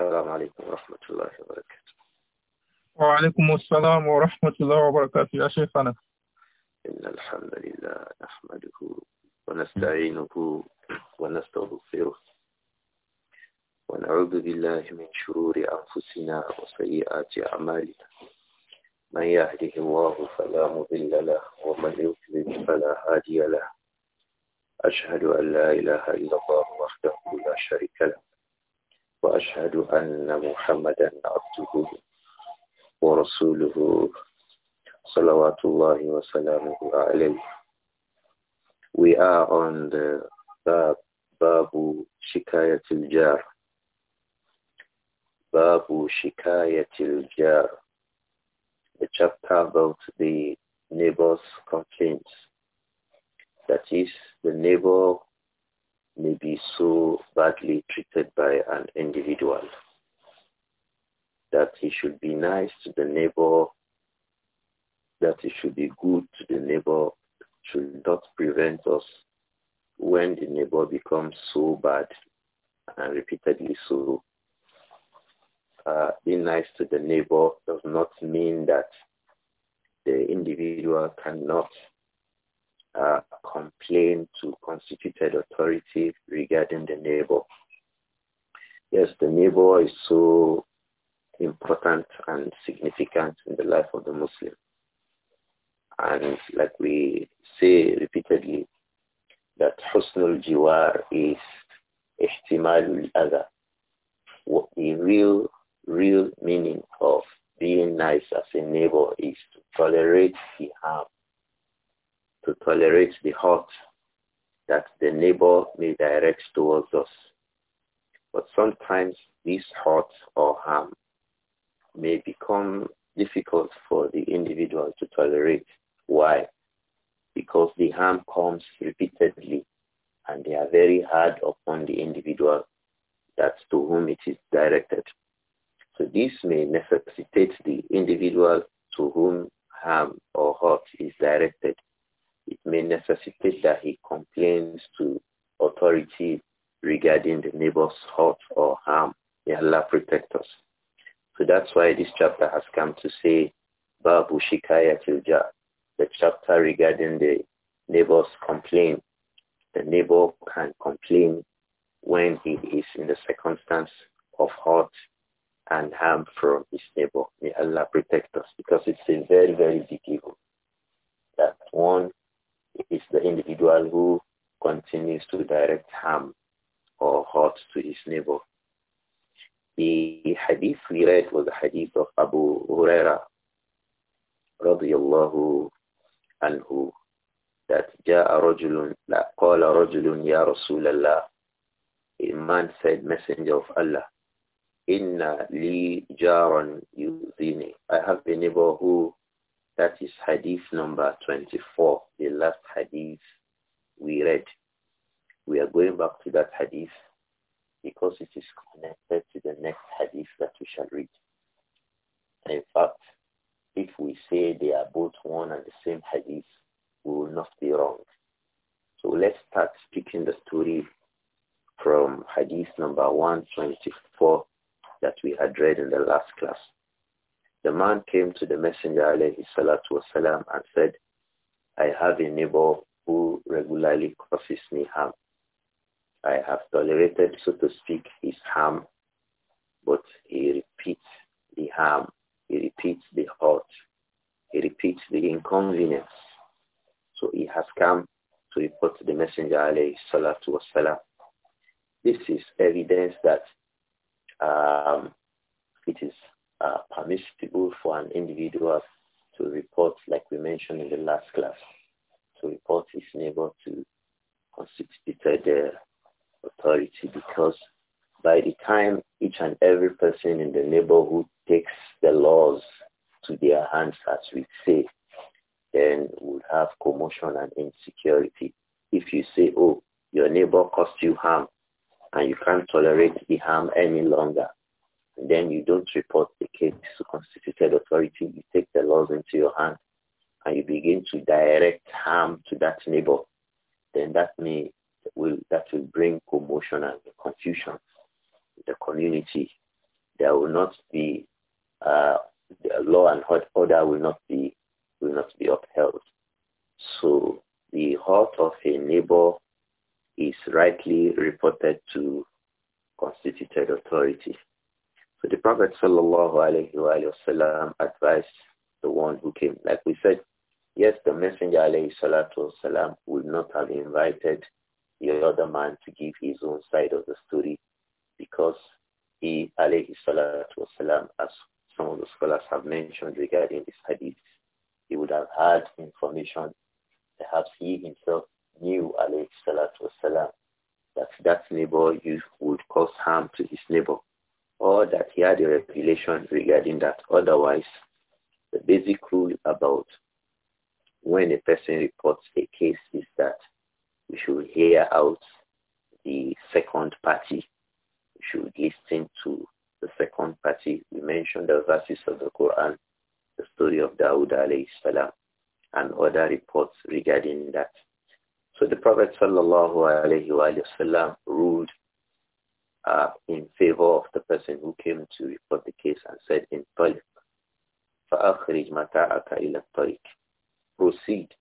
السلام عليكم ورحمة الله وبركاته وعليكم السلام ورحمة الله وبركاته يا شيخنا إن الحمد لله نحمده ونستعينه ونستغفره ونعوذ بالله من شرور أنفسنا وسيئات أعمالنا من يهده الله فلا مضل له ومن يضلل فلا هادي له أشهد أن لا إله إلا الله وحده لا شريك له وأشهد أن محمدا عبده ورسوله صلوات الله وسلامه عليه We are on the Bab, Babu شكاية الجار The chapter about the neighbor's complaints. That is, the neighbor may be so badly treated by an individual that he should be nice to the neighbor, that he should be good to the neighbor should not prevent us when the neighbor becomes so bad and repeatedly so. Uh, being nice to the neighbor does not mean that the individual cannot uh, complain to constituted authority regarding the neighbor. Yes, the neighbor is so important and significant in the life of the Muslim. And like we say repeatedly, that husnul jiwar is ihtimalul other. The real, real meaning of being nice as a neighbor is to tolerate the harm to tolerate the hurt that the neighbor may direct towards us. But sometimes this hurt or harm may become difficult for the individual to tolerate. Why? Because the harm comes repeatedly and they are very hard upon the individual that's to whom it is directed. So this may necessitate the individual to whom harm or hurt is directed it may necessitate that he complains to authority regarding the neighbor's hurt or harm. May Allah protect us. So that's why this chapter has come to say Babu Shikaya Tilja, the chapter regarding the neighbor's complaint. The neighbor can complain when he is in the circumstance of hurt and harm from his neighbor. May Allah protect us because it's a very, very big evil that one is the individual who continues to direct harm or hurt to his neighbor. The hadith we read was the hadith of Abu Huraira radiallahu anhu that جاء رجل لا قال رجل يا رسول الله a man said messenger of Allah inna li jaran yuzini I have a neighbor who that is hadith number 24, the last hadith we read. We are going back to that hadith because it is connected to the next hadith that we shall read. And in fact, if we say they are both one and the same hadith, we will not be wrong. So let's start speaking the story from hadith number 124 that we had read in the last class. The man came to the messenger alayhi salatu wasalam and said, I have a neighbor who regularly causes me harm. I have tolerated, so to speak, his harm, but he repeats the harm. He repeats the hurt. He repeats the inconvenience. So he has come to report to the messenger alayhi salatu wasalam. This is evidence that um, it is uh, permissible for an individual to report, like we mentioned in the last class, to report his neighbor to constituted the uh, authority because by the time each and every person in the neighborhood takes the laws to their hands, as we say, then we'll have commotion and insecurity. If you say, oh, your neighbor caused you harm and you can't tolerate the harm any longer, then you don't report the case to constituted authority. You take the laws into your hands and you begin to direct harm to that neighbor, then that may will that will bring commotion and confusion in the community. There will not be uh, the law and order will not be will not be upheld. So the heart of a neighbor is rightly reported to constituted authority. So the Prophet ﷺ advised the one who came. Like we said, yes, the Messenger ﷺ would not have invited the other man to give his own side of the story because he ﷺ, as some of the scholars have mentioned regarding this hadith, he would have had information. Perhaps he himself knew ﷺ that that neighbor would cause harm to his neighbor or that he had a revelation regarding that. Otherwise, the basic rule about when a person reports a case is that we should hear out the second party. We should listen to the second party. We mentioned the verses of the Quran, the story of Dawood alayhi salam, and other reports regarding that. So the Prophet sallallahu alayhi wa sallam ruled uh, in favor of the person who came to report the case and said in طريق فأخرج متاعك إلى الطريق proceed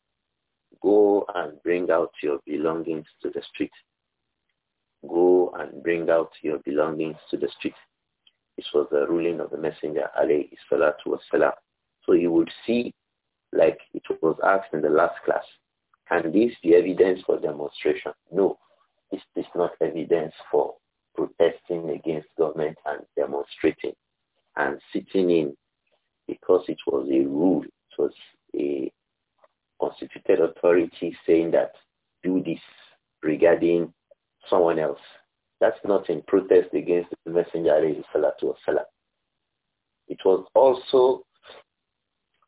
go and bring out your belongings to the street go and bring out your belongings to the street this was the ruling of the messenger alayhi salatu wasalam so you would see like it was asked in the last class can this be evidence for demonstration no this is not evidence for protesting against government and demonstrating and sitting in because it was a rule. It was a constituted authority saying that do this regarding someone else. That's not in protest against the messenger of salatu wasalam. It was also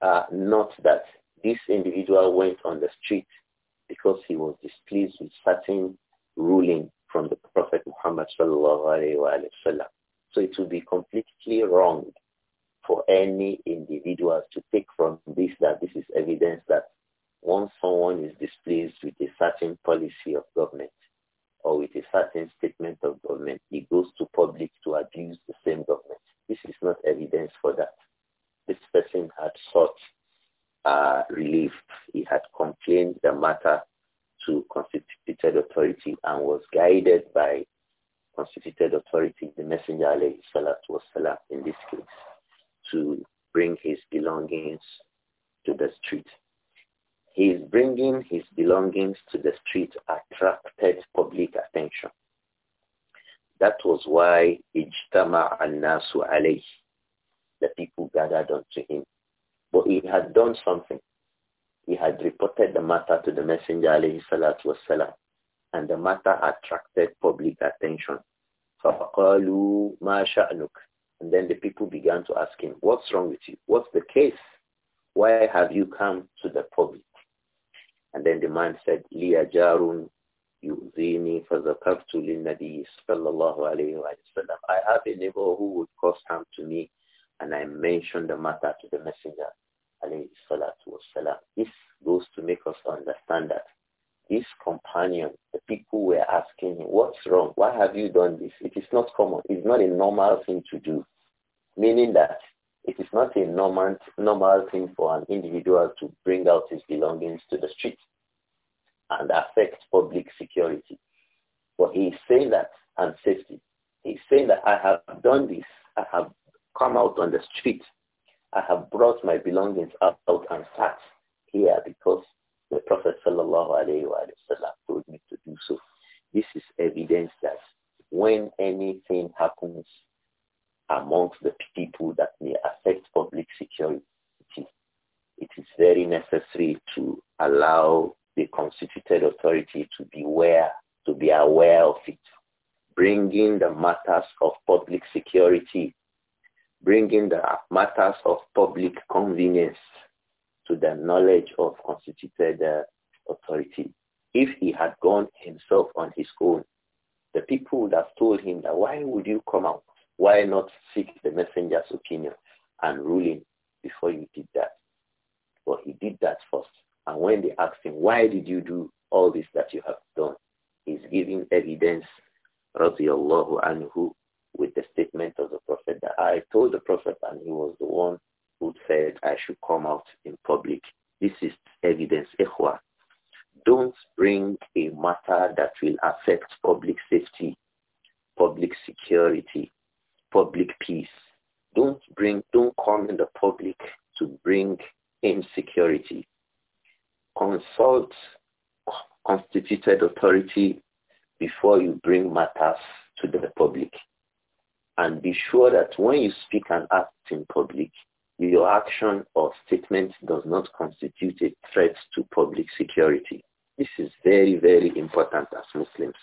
uh, not that this individual went on the street because he was displeased with certain ruling from the Prophet Muhammad sallallahu So it would be completely wrong for any individual to take from this that this is evidence that once someone is displeased with a certain policy of government or with a certain statement of government, he goes to public to abuse the same government. This is not evidence for that. This person had sought uh, relief. He had complained the matter to constituted authority and was guided by constituted authority, the messenger alayhi salatu wasalam, in this case, to bring his belongings to the street. His bringing his belongings to the street attracted public attention. That was why Ijtama al-Nasu alayhi. The people gathered unto him. But he had done something he had reported the matter to the Messenger alayhi salatu wasalam, and the matter attracted public attention. And then the people began to ask him, what's wrong with you? What's the case? Why have you come to the public? And then the man said, لِيَ جَارٌ يُؤْذِينِي فَذَكَرْتُ لِلنَّبِيِّ sallallahu alayhi wa sallam I have a neighbor who would cause harm to me, and I mentioned the matter to the messenger understand that this companion, the people were asking him, what's wrong? Why have you done this? It is not common. It's not a normal thing to do. Meaning that it is not a normal, normal thing for an individual to bring out his belongings to the street and affect public security. But he is saying that, and safety. He's saying that I have done this. I have come out on the street. I have brought my belongings out and sat of constituted when you speak and act in public, your action or statement does not constitute a threat to public security. This is very, very important as Muslims.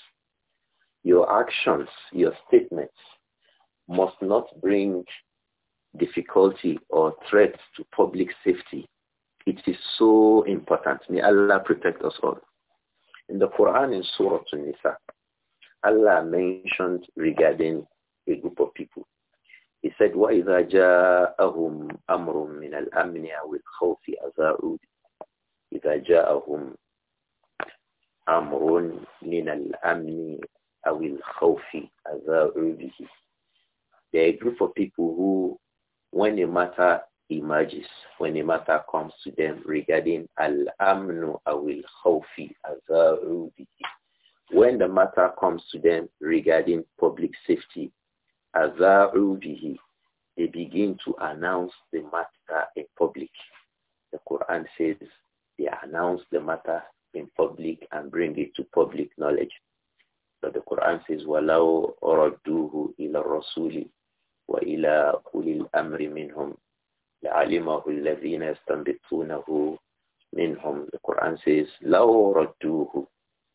Your actions, your statements must not bring difficulty or threats to public safety. It is so important. May Allah protect us all. In the Quran in Surah An-Nisa, Allah mentioned regarding a group of people he said, وَإِذَا جَاءَهُمْ أَمْرٌ مِنَ الْأَمْنِ أَوِ الْخَوْفِ أَذَاعُوا إِذَا جَاءَهُمْ أَمْرٌ مِنَ الْأَمْنِ أَوِ الْخَوْفِ أَذَاعُوا بِهِ There are a group of people who, when a matter emerges, when a matter comes to them regarding al-amnu awil khawfi When the matter comes to them regarding public safety Aza'u bihi. They begin to announce the matter in public. The Quran says they announce the matter in public and bring it to public knowledge. So the Quran says, وَلَوْ ila Rasuli wa ila أُولِي الْأَمْرِ مِنْهُمْ لَعَلِمَهُ الَّذِينَ يَسْتَنبِطُونَهُ minhum. The Quran says, لَوْ رَدُّوهُ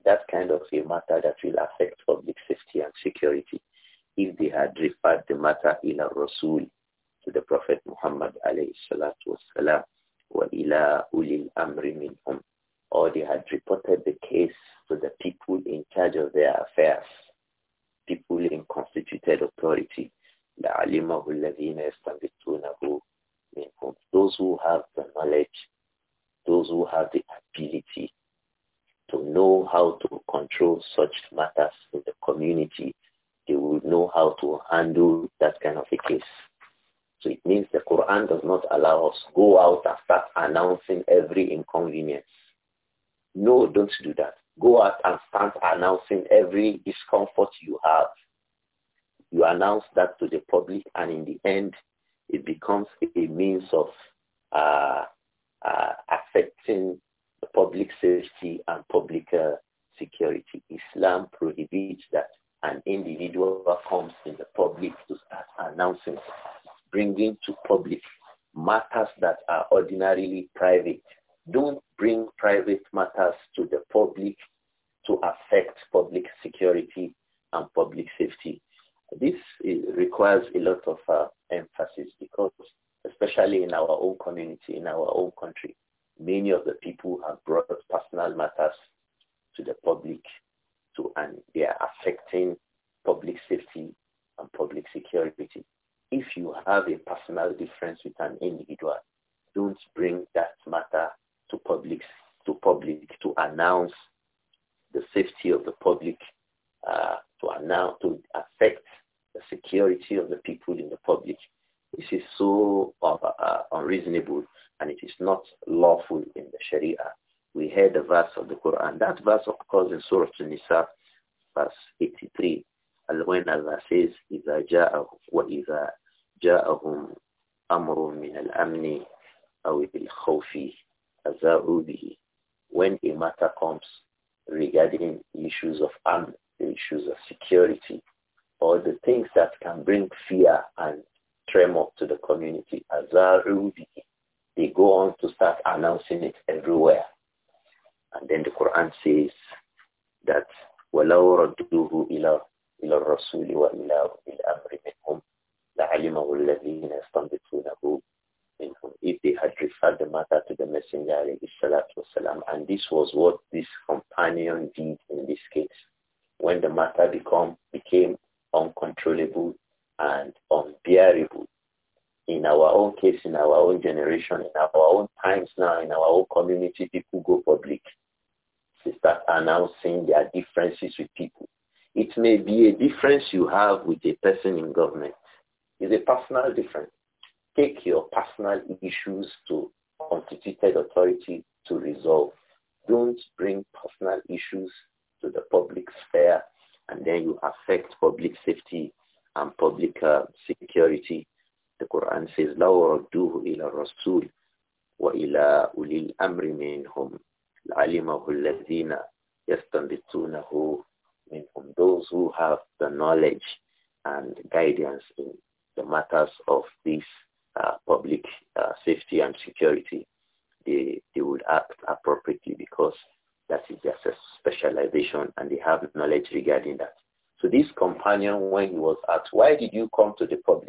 That kind of a matter that will affect public safety and security if they had referred the matter ila Rasul to the Prophet Muhammad alayhi salatu wasalam wa ila ulil amri minhum or they had reported the case to the people in charge of their affairs, people in constituted authority, لَعَلِمَهُ الَّذِينَ يَسْتَنْبِتُونَهُ minhum. Those who have the knowledge, those who have the ability to know how to control such matters in the community they will know how to handle that kind of a case. So it means the Quran does not allow us to go out and start announcing every inconvenience. No, don't do that. Go out and start announcing every discomfort you have. You announce that to the public and in the end it becomes a means of uh, uh, affecting public safety and public uh, security. Islam prohibits that an individual comes in the public to start announcing, bringing to public matters that are ordinarily private. Don't bring private matters to the public to affect public security and public safety. This requires a lot of uh, emphasis because especially in our own community, in our own country, many of the people have brought personal matters to the public to and they are affecting public safety and public security. If you have a personal difference with an individual, don't bring that matter to public to public to announce the safety of the public, uh, to announce to affect the security of the people in the public. This is so uh, uh unreasonable and it is not lawful in the Sharia we heard a verse of the Quran. That verse, of course, in Surah An-Nisa, verse 83, when Allah says, إِذَا جَاءَهُمْ وَإِذَا جَاءَهُمْ أَمْرٌ مِنَ الْأَمْنِ أَوِ الْخَوْفِ أَزَاءُوا بِهِ When a matter comes regarding issues of arm, issues of security, or the things that can bring fear and tremor to the community, أَزَاءُوا بِهِ They go on to start announcing it everywhere. And then the Quran says that وَلَوْ رَدُّوهُ إِلَى إلى الرسول الأمر منهم لعلمه الذين if they had referred the matter to the messenger and this was what this companion did in this case when the matter become became uncontrollable and unbearable in our own case in our own generation in our own times now in our own community people go public sisters are now seeing their differences with people. It may be a difference you have with a person in government. It's a personal difference. Take your personal issues to constituted authority to resolve. Don't bring personal issues companion when he was asked, why did you come to the public?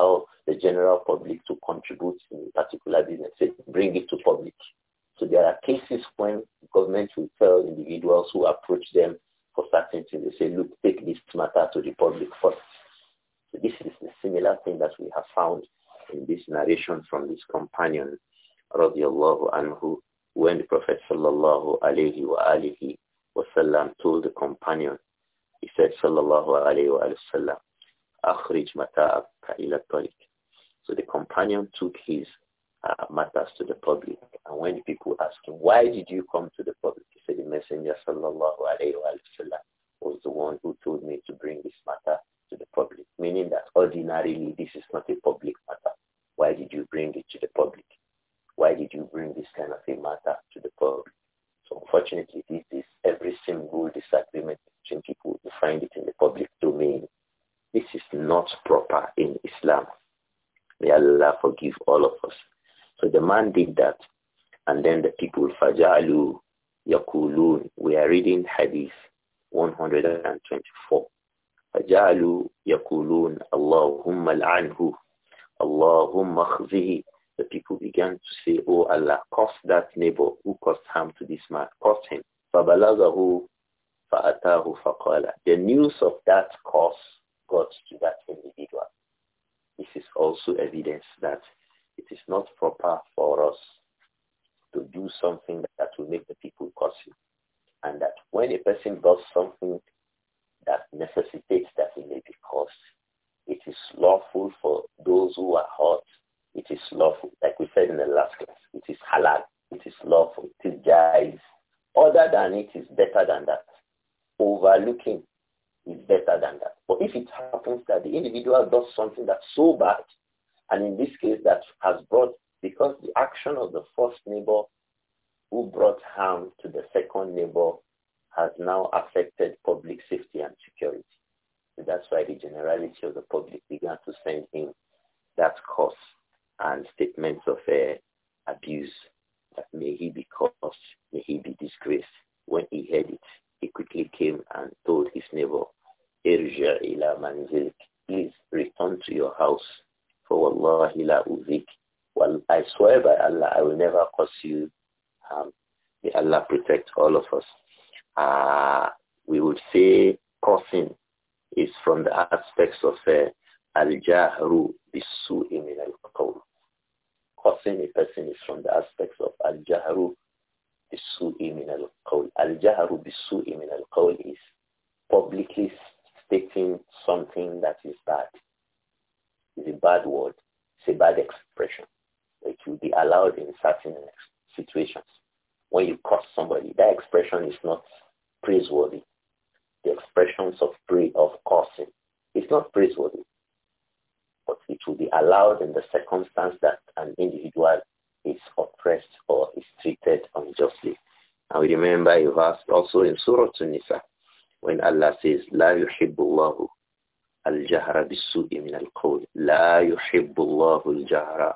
allow the general public to contribute in a particular business, say, bring it to public. So there are cases when government will tell individuals who approach them for certain things, they say, look, take this matter to the public first. So this is a similar thing that we have found in this narration from this companion, radiallahu anhu, when the Prophet sallallahu alayhi wa alihi wasallam told the companion, he said, sallallahu alayhi wa sallam, أخرج متاعك إلى الطريق. So the companion took his uh, matters to the public. And when the people asked him, why did you come to the public? He said, the messenger sallallahu alayhi wa was the one who told me to bring this matter to the public, meaning that ordinarily this is not a public matter. Why did you bring it to the public? Why did you bring this kind of a matter to the public? So unfortunately, this is every single disagreement between people, you find it in the public domain. This is not proper in Islam. May Allah forgive all of us. So the man did that. And then the people, Fajalu, Yakulun, we are reading Hadith 124. Fajalu, Yakulun, Allahumma al'anhu, Allahumma khzihi. The people began to say, Oh Allah, caused that neighbor who caused harm to this man. caused him. فَبَلَغَهُ فَأَتَاهُ فَقَالَ The news of that cause. God to that individual. This is also evidence that it is not proper for us to do something that will make the people curse you. And that when a person does something that necessitates that he may be cursed, it is lawful for those who are hurt. It is lawful, like we said in the last class, it is halal, it is lawful, it is jais. Other than it is better than that. Overlooking is better than that. But if it happens that the individual does something that's so bad, and in this case that has brought, because the action of the first neighbor who brought harm to the second neighbor has now affected public safety and security. that's why the generality of the public began to send in that course and statements of uh, abuse that may he be cursed, may he be disgraced. When he heard it, he quickly came and told Irja ila Please return to your house. For wallahi la uzik. Well, I swear by Allah, I will never cause you harm. May Allah protect all of us. Uh, we would say cursing is from the aspects of uh, also in Surah an when Allah says la yuhibbu Allahu al-jahra bis-su'i min al-qawl la yuhibbu Allahu al-jahra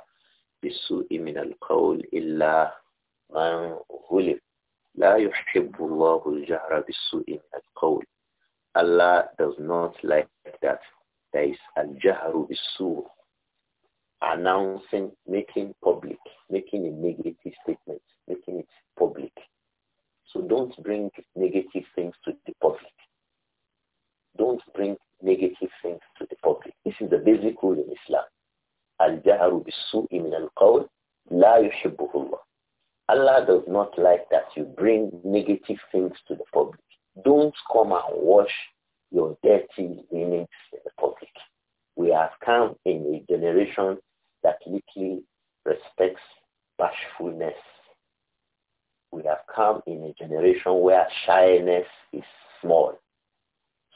come in a generation where shyness is small.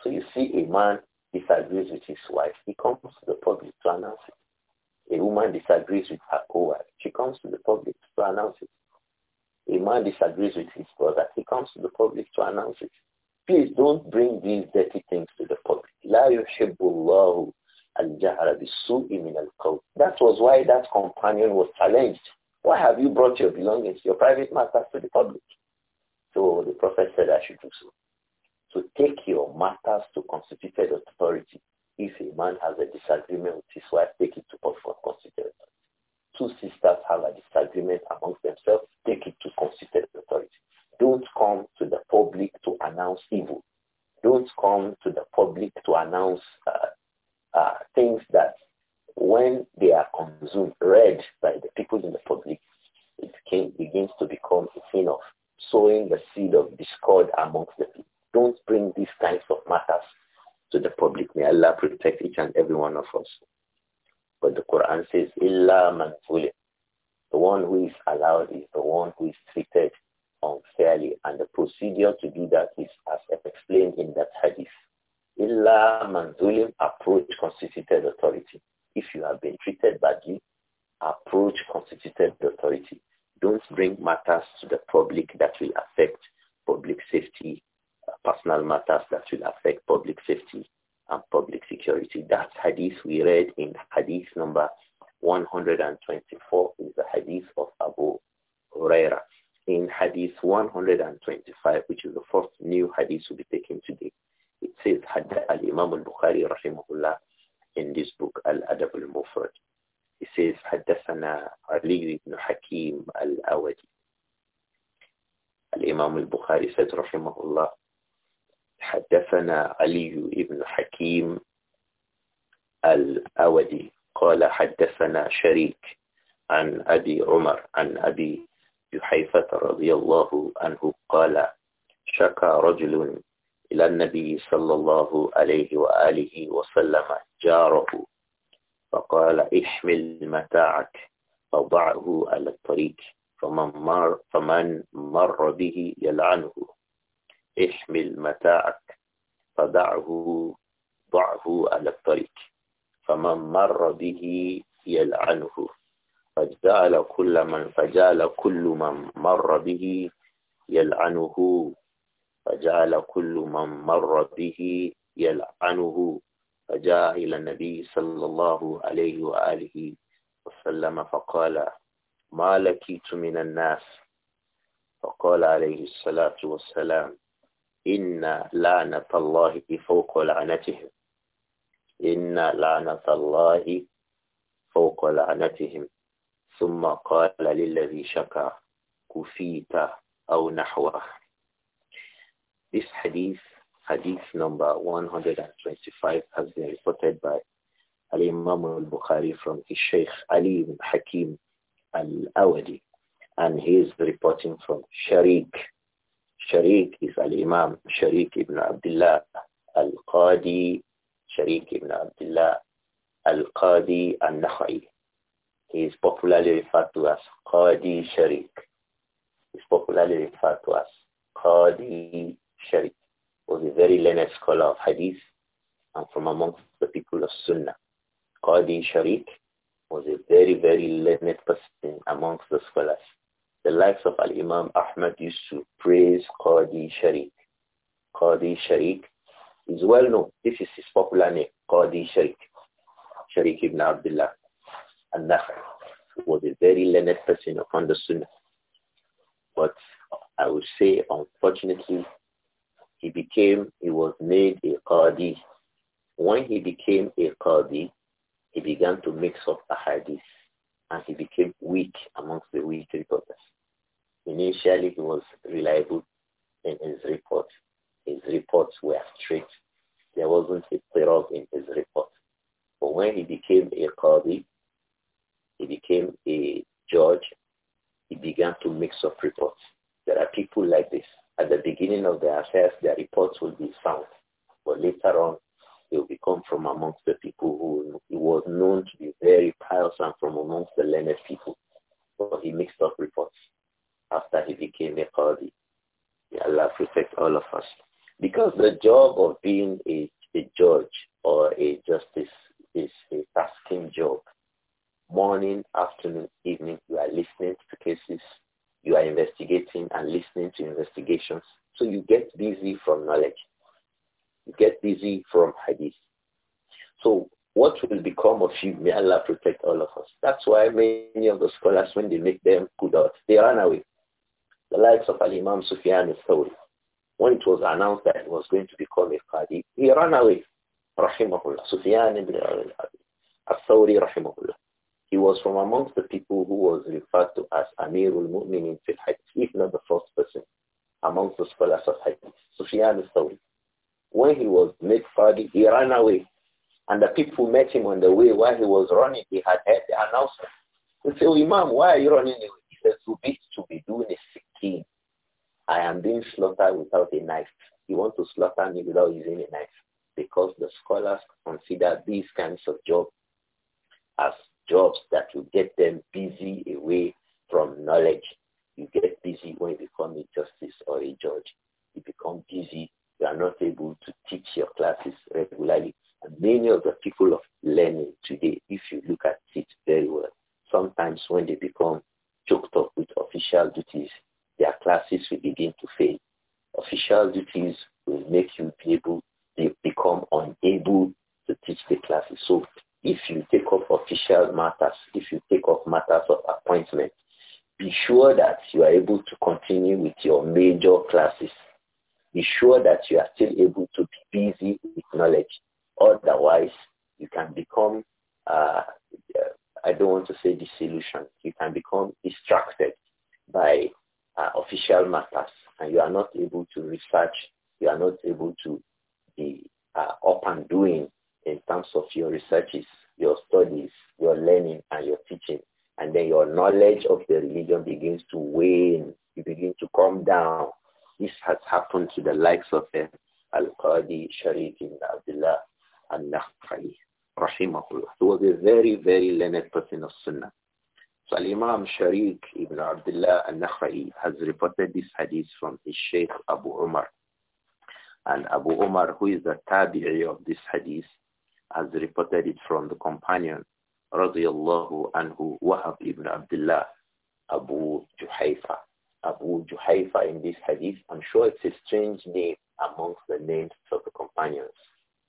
So you see a man disagrees with his wife, he comes to the public to announce it. A woman disagrees with her co-wife, she comes to the public to announce it. A man disagrees with his brother, he comes to the public to announce it. Please don't bring these dirty things to the public. That was why that companion was challenged. Why have you brought your belongings, your private matters to the public? So the Prophet said I should do so. So take your matters to constituted authority. If a man has a disagreement with his wife, take it to constituted authority. Two sisters have a disagreement amongst themselves, take it to constituted authority. Don't come to the public to announce evil. Don't come to the public to announce uh, uh, things that when they are consumed, read by the people in the public, it can, begins to become a sin of sowing the seed of discord amongst the people. Don't bring these kinds of matters to the public. May Allah protect each and every one of us. But the Quran says, Illa man The one who is allowed is the one who is treated unfairly. And the procedure to do that is as explained in that hadith. Illa manzulim, approach constituted authority. If you have been treated badly, approach constituted authority. Don't bring matters to the public that will affect public safety, uh, personal matters that will affect public safety and public security. That hadith we read in hadith number 124 is the hadith of Abu Huraira. In hadith 125, which is the first new hadith we'll be taking today, it says, had al-Imam al-Bukhari rahimahullah in this book, Al-Adab al-Mufrad. He says, حدثنا علي بن حكيم الأودي. الإمام البخاري سيد رحمه الله حدثنا علي بن حكيم الأودي قال حدثنا شريك عن أبي عمر عن أبي جحيفة رضي الله عنه قال شكى رجل إلى النبي صلى الله عليه وآله وسلم جاره فقال احمل متاعك فضعه على الطريق فمن مر, فمن مر به يلعنه احمل متاعك فضعه ضعه على الطريق فمن مر به يلعنه فجعل كل من فجعل كل من مر به يلعنه فجعل كل من مر به يلعنه فجاء إلى النبي صلى الله عليه وآله وسلم فقال ما لكيت من الناس فقال عليه الصلاة والسلام إن لعنة الله فوق لعنتهم إن لعنة الله فوق لعنتهم ثم قال للذي شكى كفيت أو نحوه This hadith Hadith number 125 has been reported by Al-Imam al-Bukhari from his Sheikh Ali ibn Hakim al-Awadi. And he is reporting from Sharik. Sharik is Al-Imam Sharik ibn Abdullah al-Qadi. Sharik ibn Abdullah al-Qadi al-Nakhai. He is popularly referred to as Qadi Sharik. He is popularly referred to as Qadi Sharik was a very learned scholar of hadith and from amongst the people of Sunnah. Qadi Sharik was a very, very learned person amongst the scholars. The likes of Al-Imam Ahmad used to praise Qadi Sharik. Qadi Sharik is well known. This is his popular name, Qadi Sharik. Sharik ibn Abdullah al-Nakhai was a very learned person upon the Sunnah. But I would say, unfortunately, he became, he was made a Qadi. When he became a Qadi, he began to mix up ahadith and he became weak amongst the weak reporters. Initially, he was reliable in his reports. His reports were straight. There wasn't a error in his report. But when he became a Qadi, he became a judge, he began to mix up reports. There are people like this. At the beginning of the affairs, their reports will be sound. But later on, they will become from amongst the people who he was known to be very pious and from amongst the learned people. But he mixed up reports after he became a Qadi. May Allah protect all of us. Because the job of being a, a judge or a justice is a tasking job. Morning, afternoon, evening, you are listening to cases you are investigating and listening to investigations. So you get busy from knowledge. You get busy from hadith. So what will become of you? May Allah protect all of us. That's why many of the scholars, when they make them good out, they run away. The likes of Al-Imam Sufyan al-Thawri, when it was announced that he was going to become a Qadi, he ran away. Rahimahullah. Sufyan ibn al-Thawri, rahimahullah. He was from amongst the people who was referred to as Amirul Mu'minin fil Hadith, if not the first person amongst the scholars of Hadith, Sufyan al-Thawri. When he was made Fadi, he ran away. And the people met him on the way while he was running. He had heard the announcement. They said, oh, Imam, why are you running away? He said, Too be, to be doing a sikin. I am being slaughtered without a knife. You want to slaughter me without using a knife because the scholars consider these kinds of jobs as jobs that will get them busy away from knowledge. You get busy when you become a justice or a judge. You become busy. You are not able to teach your classes regularly. And many of the people of learning today, if you look at it very well, sometimes when they become choked up with official duties, their classes will begin to fail. Official duties will make you be able, they become unable to teach the classes. So if you take up official matters, if you take up matters of appointment, be sure that you are able to continue with your major classes. Be sure that you are still able to be busy with knowledge. Otherwise, you can become, uh, uh I don't want to say disillusioned, you can become distracted by uh, official matters and you are not able to research, you are not able to be uh, up and doing in terms of your researches, your studies, your learning, and your teaching. And then your knowledge of the religion begins to wane. You begin to come down. This has happened to the likes of uh, Al-Qadi Sharif ibn Abdullah al-Nakhai, rahimahullah. He was a very, very learned person of Sunnah. So Imam Sharif ibn Abdullah al-Nakhai has reported this hadith from his Sheikh Abu Umar. And Abu Umar, who is the tabi'i of this hadith, has reported it from the companion radiallahu anhu Wahab ibn Abdullah Abu Juhayfa. Abu Juhayfa in this hadith, I'm sure it's a strange name amongst the names of the companions.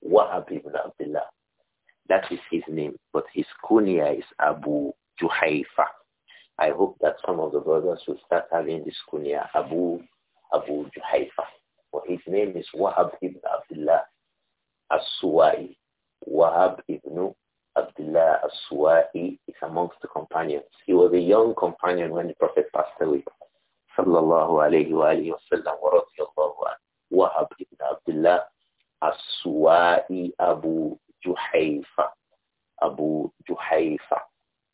Wahab ibn Abdullah. That is his name, but his kunya is Abu Juhayfa. I hope that some of the brothers will start having this kunya, Abu Abu Juhaifa. But his name is Wahab ibn Abdullah As-Suwai. Wahab ibn Abdullah Aswa'i is amongst the companions. He was a young companion when the Prophet passed away. Sallallahu alayhi wa alayhi wa sallam wa radiyallahu anhu. Wahab ibn Abdullah Aswa'i Abu Juhayfa. Abu Juhayfa.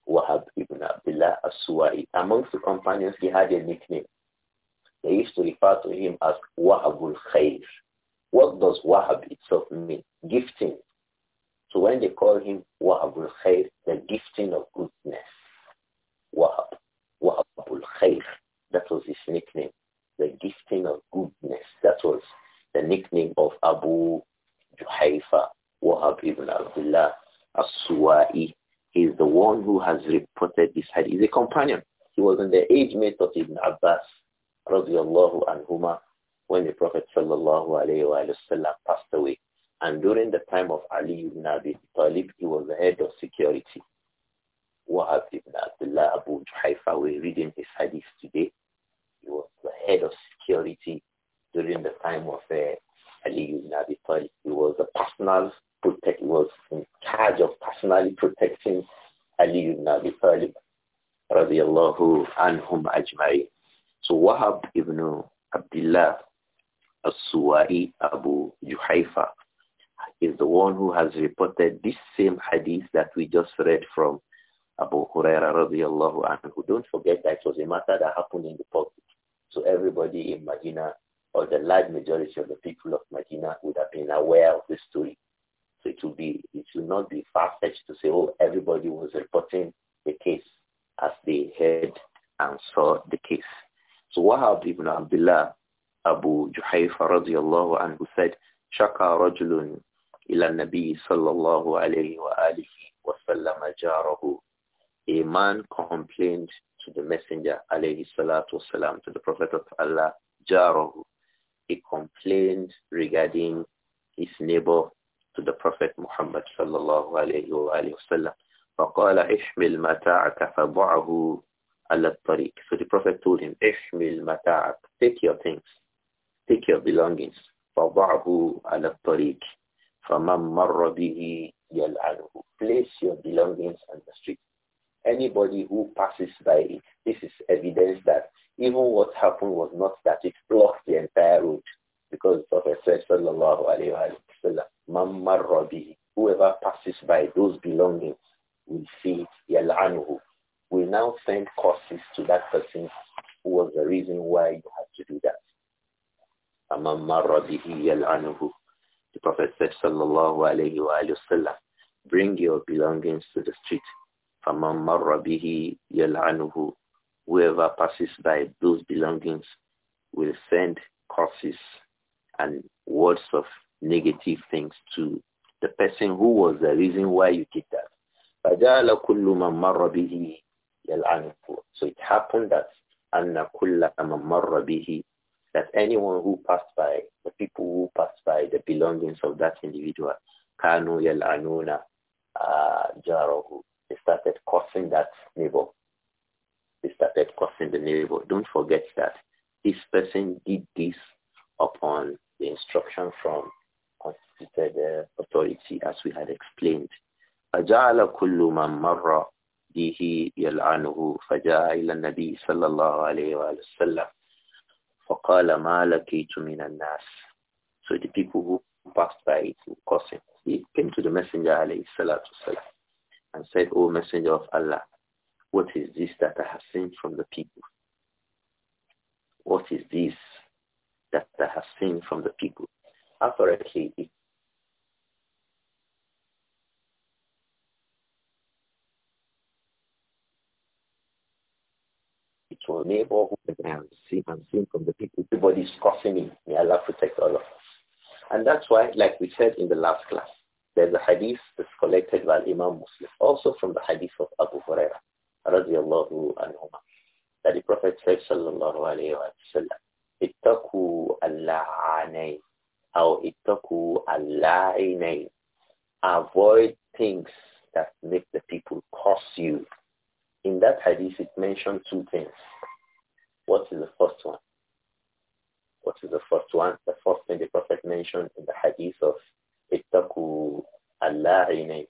Wahab ibn Abdullah Aswa'i. Amongst the companions, he had a nickname. They used to refer to him as Wahabul Khair. What does Wahab itself mean? Gifting, so when they call him Wahabul Khair, the gifting of goodness, Wahab, Wahabul Khair, that was his nickname, the gifting of goodness. That was the nickname of Abu Juhaifa, Wahab ibn Abdullah as-Suwa'i. He is the one who has reported this hadith. He's a companion. He was in the age mate of Ibn Abbas, اللَّهُ عَنْهُمَا. when the Prophet sallallahu alayhi wa sallam passed and during the time of Ali ibn Abi Talib, he was the head of security. Wahab ibn Abdullah Abu Juhaifa, we're reading his hadith today. He was the head of security during the time of uh, Ali ibn Abi Talib. He was the personal protect, he was in charge of personally protecting Ali ibn Abi Talib radiallahu anhum ajma'in. That this same hadith that we just read from Abu Huraira radiallahu anhu. Don't forget that it was a matter that happened in the public. So everybody in Medina or the large majority of the people of Medina would have been aware of the story. So it will be, it will not be far-fetched to say, oh, everybody was reporting the case as they heard and saw the case. So Wahab ibn Abdullah Abu Juhayfa radiallahu anhu said, شكى رجل إلى النبي صلى الله عليه وآله وسلم جاره. A man complained to the messenger عليه الصلاة والسلام, to the Prophet of Allah, جاره. He complained regarding his neighbor to the Prophet Muhammad صلى الله عليه وآله وسلم. فقال احمل متاعك فضعه على الطريق. So the Prophet told him, احمل متاعك, take your things, take your belongings, فضعه على الطريق. فَمَنْ مَرَّ بِهِ يَلْعَنُهُ Place your belongings on the street. Anybody who passes by it, this is evidence that even what happened was not that it blocked the entire road. Because the Prophet said, sallallahu alayhi wa sallam, مَنْ مَرَّ بِهِ Whoever passes by those belongings will see يَلْعَنُهُ We now send curses to that person who was the reason why you had to do that. فَمَنْ مَرَّ بِهِ يَلْعَنُهُ Prophet said, sallallahu alayhi wa sallam, bring your belongings to the street. بِهِ يَلْعَنُهُ Whoever passes by those belongings will send curses and words of negative things to the person who was the reason why you did that. فَجَعَلَ كُلُّ مَنْ مَرَّ بِهِ يَلْعَنُهُ So it happened that أَنَّ كُلَّ مَنْ مَرَّ بِهِ that anyone who passed by, the people who passed by the belongings of that individual, Kanu Yelanuna uh, Jarahu, they started cursing that neighbor. They started cursing the neighbor. Don't forget that this person did this upon the instruction from constituted uh, authority as we had explained. فجعل كل من مر به يلعنه فجاء إلى النبي صلى الله عليه وسلم فَقَالَ مَا مِنَ النَّاسِ So the people who passed by it were cursing. He came to the messenger alayhi salatu salam and said, O messenger of Allah, what is this that I have seen from the people? What is this that I have seen from the people? Apparently, it to a neighbor who I have seen and seen from the people. Everybody is crossing me. May Allah protect all of us. And that's why, like we said in the last class, there's a hadith that's collected by Imam Muslim, also from the hadith of Abu Huraira, radiallahu anhu, that the Prophet said, sallallahu alayhi wa sallam, ittaku al or ittaku al-la'inayn, avoid things that make the people curse you. In that hadith, it mentioned two things. What is the first one? What is the first one? The first thing the Prophet mentioned in the hadith of Ittaku Allah He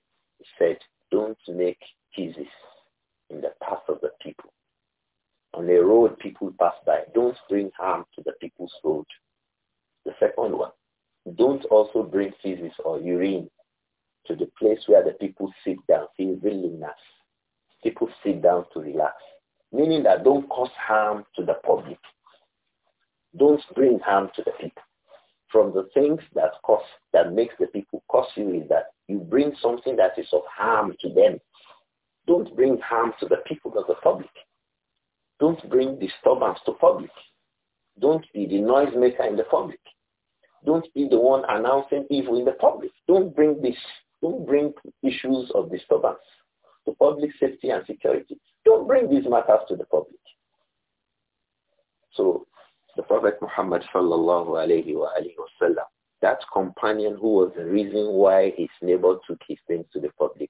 said, don't make teases in the path of the people. On the road people pass by. Don't bring harm to the people's road. The second one, don't also bring feces or urine to the place where the people sit down, feel willingness people sit down to relax, meaning that don't cause harm to the public. Don't bring harm to the people. From the things that cause, that makes the people cause you is that you bring something that is of harm to them. Don't bring harm to the people of the public. Don't bring disturbance to public. Don't be the noisemaker in the public. Don't be the one announcing evil in the public. Don't bring this. Don't bring issues of disturbance to public safety and security. Don't bring these matters to the public. So the Prophet Muhammad sallallahu alayhi wa alayhi wasallam, that companion who was the reason why his neighbor took his things to the public,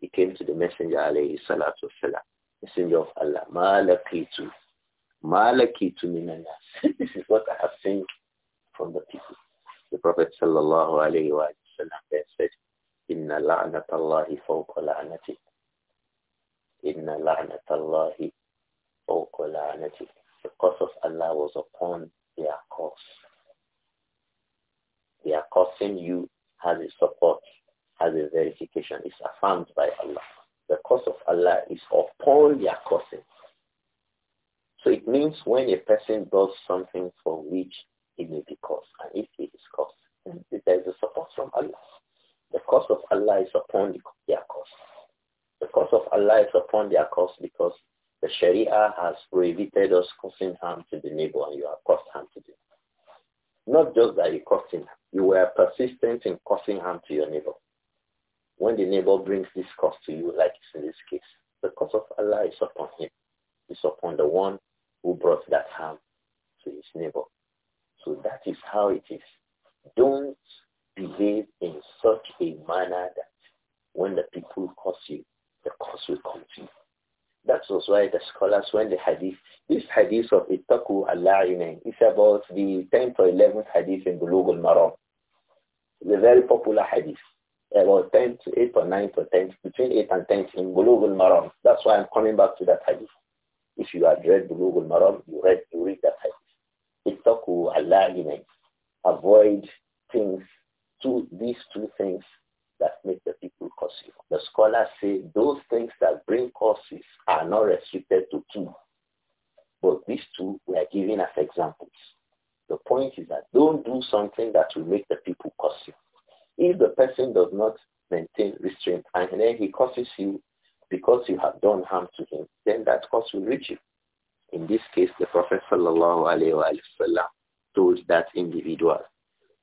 he came to the Messenger alayhi salatu wasallam, Messenger of Allah, malakitu, malakitu minanas. this is what I have seen from the people. The Prophet sallallahu alayhi wa sallam said, إن لعنة الله فوق إِنَّ لَعْنَةَ اللَّهِ فَوْقَ The curse of Allah was upon their They Their cursing you has a support, has a verification, is affirmed by Allah. The curse of Allah is upon their cursing. So it means when a person does something for which he may be cursed, and if he is cursed, there is a support from Allah. The curse of Allah is upon their curse. The curse of Allah is upon their curse because the Sharia has prohibited us causing harm to the neighbor and you have caused harm to them. Not just that you caused him, you were persistent in causing harm to your neighbor. When the neighbor brings this curse to you, like in this case, the curse of Allah is upon him. It's upon the one who brought that harm to his neighbor. So that is how it is. Don't behave in such a manner that when the people curse you, the cause will continue. That was why the scholars, when the hadith, this hadith of Ittaku al-La'inain, is about the 10th or 11th hadith in Bulugh al-Maram. The very popular hadith, about 10th, 8th or 9th or 10th, between 8 and 10th in Bulugh al-Maram. That's why I'm coming back to that hadith. If you have read Bulugh al-Maram, you read, you read that hadith. Ittaku al-La'inain. Avoid things, two, these two things that make the people cursive. The scholars say those things that bring curses are not restricted to two. But these two were given as examples. The point is that don't do something that will make the people cursive. If the person does not maintain restraint and then he curses you because you have done harm to him, then that curse will reach you. In this case, the Prophet ﷺ told that individual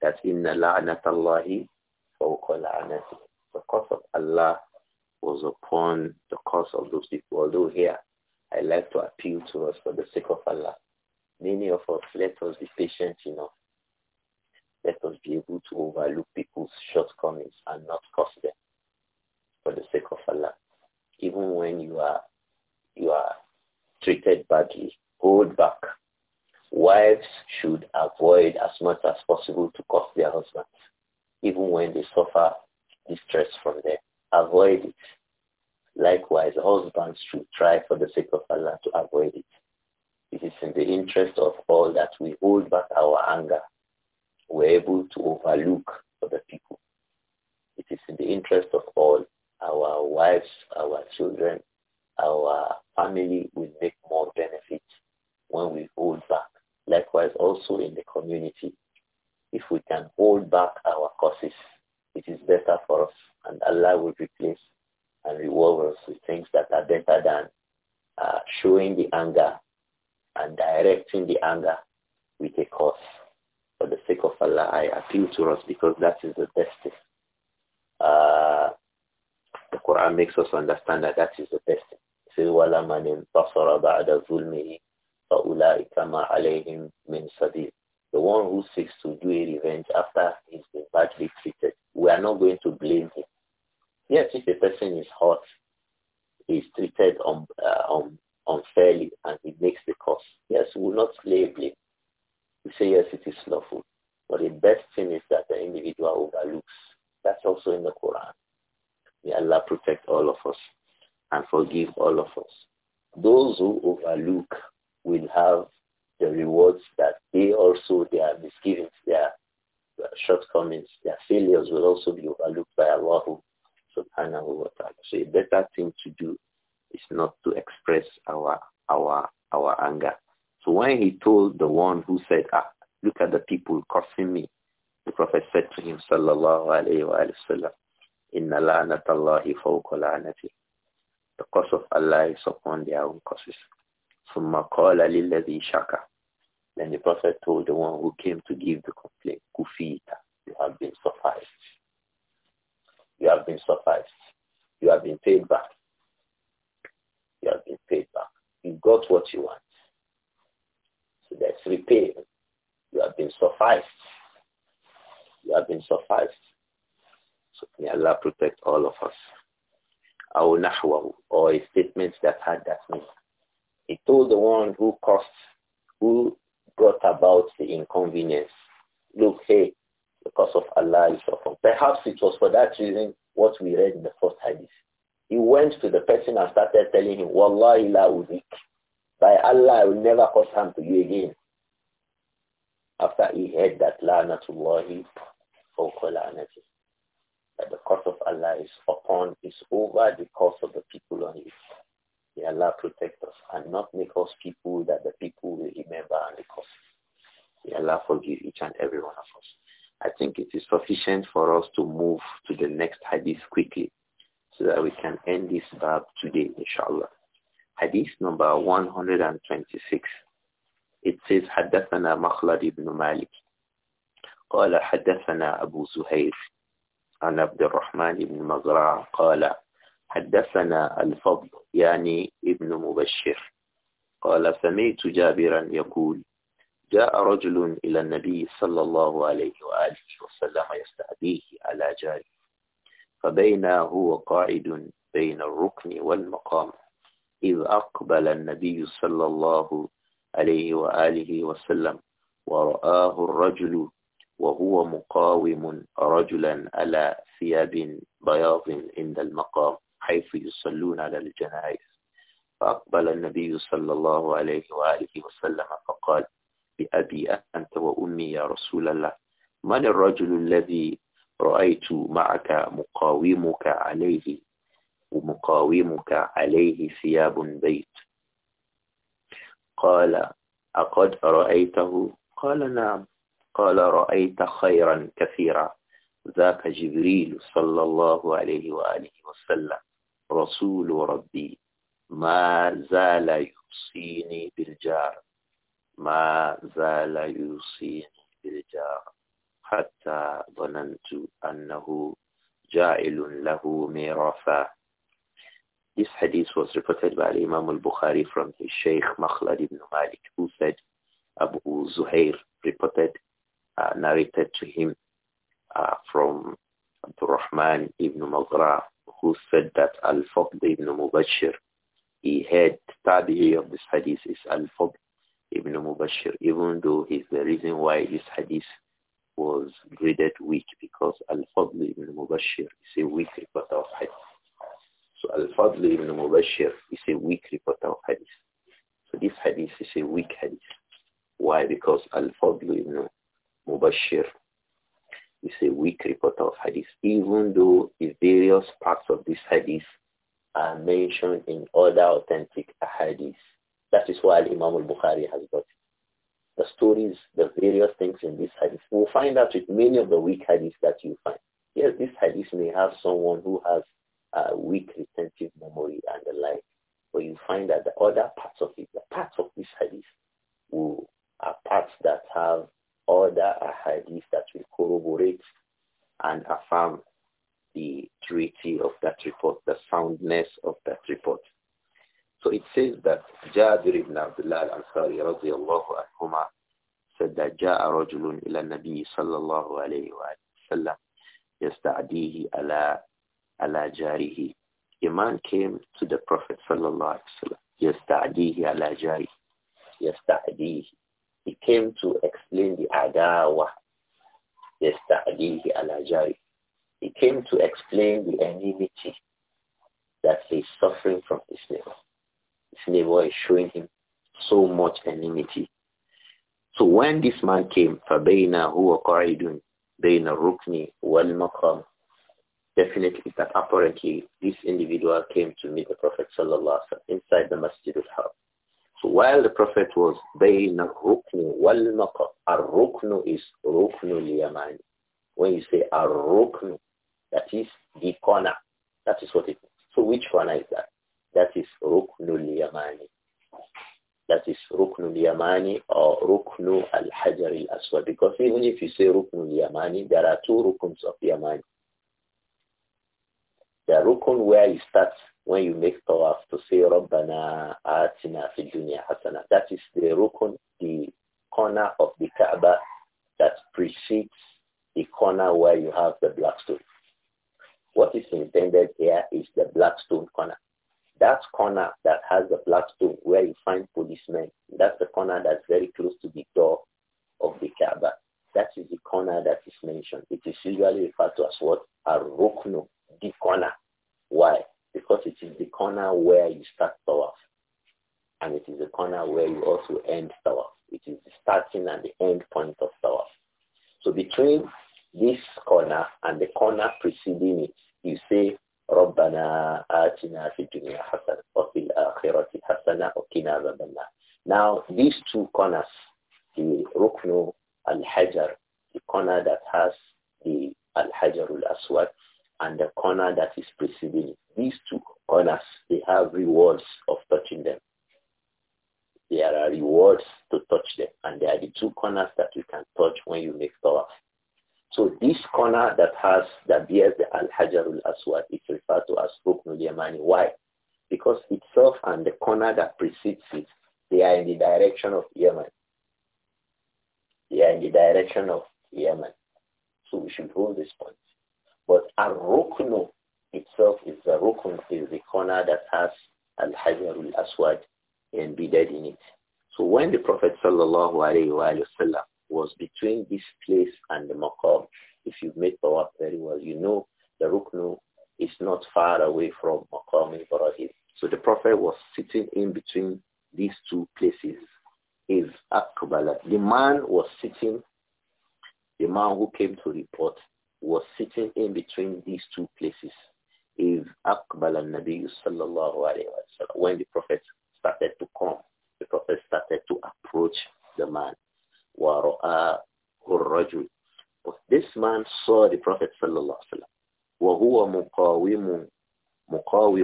that inna la'natallahi the curse of Allah was upon the curse of those people. Although here, I like to appeal to us for the sake of Allah. Many of us, let us be patient enough. Let us be able to overlook people's shortcomings and not curse them for the sake of Allah. Even when you are you are treated badly, hold back. Wives should avoid as much as possible to curse their husbands even when they suffer distress from them. Avoid it. Likewise, husbands should try for the sake of Allah to avoid it. It is in the interest of all that we hold back our anger. We're able to overlook other people. It is in the interest of all. Our wives, our children, our family will make more benefit when we hold back. Likewise, also in the community, if we can hold back our causes, it is better for us. And Allah will replace and reward us with things that are better than uh, showing the anger and directing the anger with a cause. For the sake of Allah, I appeal to us because that is the best Uh, the Quran makes us understand that that is the best وَلَمَنِ انْتَصَرَ بَعْدَ ظُلْمِهِ فَأُولَٰئِكَ مَا عَلَيْهِمْ مِنْ سَبِيلٍ the one who seeks to do a revenge after he's been badly treated, we are not going to blame him. Yes, if a person is hurt, is treated un, uh, un, unfairly and he makes the cost. yes, we will not lay blame. We say, yes, it is lawful. But the best thing is that the individual overlooks. That's also in the Quran. May Allah protect all of us and forgive all of us. Those who overlook will have the rewards that they also, their misgivings, their shortcomings, their failures will also be overlooked by Allah subhanahu wa ta'ala. So a better thing to do is not to express our our our anger. So when he told the one who said, ah, look at the people cursing me, the Prophet said to him, sallallahu alayhi wa sallam, inna la'natallahi fawqa la'nati. The curse of Allah is upon their own curses. ثم قال للذي شكا Then the Prophet told the one who came to give the complaint, Kufita, you have been sufficed. You have been sufficed. You have been paid back. You have been paid back. You got what you want. So that's repay. You have been sufficed. You have been sufficed. So may Allah protect all of us. Or statements that had that meaning. He told the one who caused, who brought about the inconvenience, look, hey, because of Allah is upon. Perhaps it was for that reason what we read in the first hadith. He went to the person and started telling him, Wallahi la uzik. By Allah, I will never cause harm to you again. After he heard that la natullahi that the curse of Allah is upon, is over the curse of the people on it. May Allah protect us and not make us people that the people will remember and curse. May Allah forgive each and every one of us. I think it is sufficient for us to move to the next hadith quickly so that we can end this bab today, inshallah. Hadith number 126. It says, حدثنا مخلد بن مالك قال حدثنا أبو زهير عن عبد الرحمن بن مزرعة قال حدثنا الفضل يعني ابن مبشر قال سمعت جابرا يقول جاء رجل إلى النبي صلى الله عليه وآله وسلم يستعديه على جاره فبين هو قاعد بين الركن والمقام إذ أقبل النبي صلى الله عليه وآله وسلم ورآه الرجل وهو مقاوم رجلا على ثياب بياض عند المقام حيث يصلون على الجنائز فأقبل النبي صلى الله عليه وآله وسلم فقال بأبي أنت وأمي يا رسول الله من الرجل الذي رأيت معك مقاومك عليه ومقاومك عليه ثياب بيت قال أقد رأيته قال نعم قال رأيت خيرا كثيرا ذاك جبريل صلى الله عليه وآله وسلم رسول ربي ما زال يوصيني بالجار ما زال يوصيني بالجار حتى ظننت أنه جائل له ميرافا This hadith was reported by Imam al-Bukhari from his Shaykh Makhlad ibn Malik who said Abu Zuhair reported, uh, narrated to him uh, from Abdurrahman ibn Maghra who said that Al-Faqd ibn Mubashir, he had study of this hadith is Al-Faqd ibn Mubashir, even though he's the reason why this hadith was graded weak because Al-Fadl ibn Mubashir is a weak reporter of hadith. So Al-Fadl ibn Mubashir is a weak reporter of hadith. So this hadith is a weak hadith. Why? Because Al-Fadl ibn Mubashir is a weak reporter of hadith, even various parts of this hadith are mentioned in other authentic hadiths. That is why Imam al-Bukhari has got it. The stories, the various things in this hadith. We'll find out with many of the weak hadiths that you find. Yes, this hadith may have someone who has الله الأنصاري رضي الله عنهما سد جاء رجل إلى النبي صلى الله عليه وآله بينا هو قاعد بين الركن والمقام definitely that apparently this individual came to meet the Prophet sallallahu inside the Masjid al-Haram. So while the Prophet was wal-maqam, ar الركن is ركن اليمان when you say الركن Even if you say Rukun Yamani, there are two Rukuns of Yamani. The Rukun where you start when you make tawaf to say Rabbana Atina fi dunya hasana. That is the Rukun, the corner of the Kaaba that precedes the corner where you have the black stone.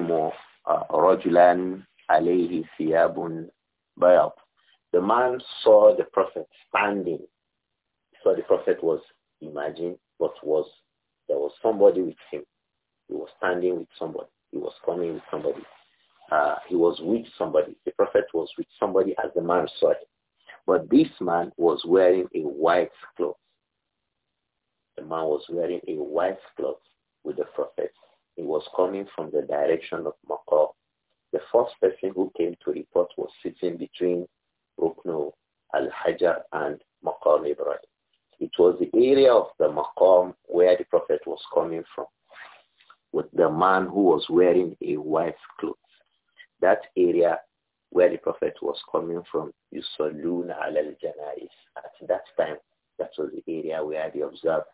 Uh, the man saw the prophet standing. He saw the prophet was imagine, was there was somebody with him. He was standing with somebody. He was coming with somebody. Uh, he was with somebody. The prophet was with somebody as the man saw it. But this man was wearing a white cloth. The man was wearing a white cloth with the prophet it was coming from the direction of Makkah. The first person who came to report was sitting between Ruknu al-Hajar and Maqam Ibrahim. It was the area of the Maqam where the Prophet was coming from with the man who was wearing a white clothes, That area where the Prophet was coming from, Yusallun al-Janais. At that time, that was the area where they observed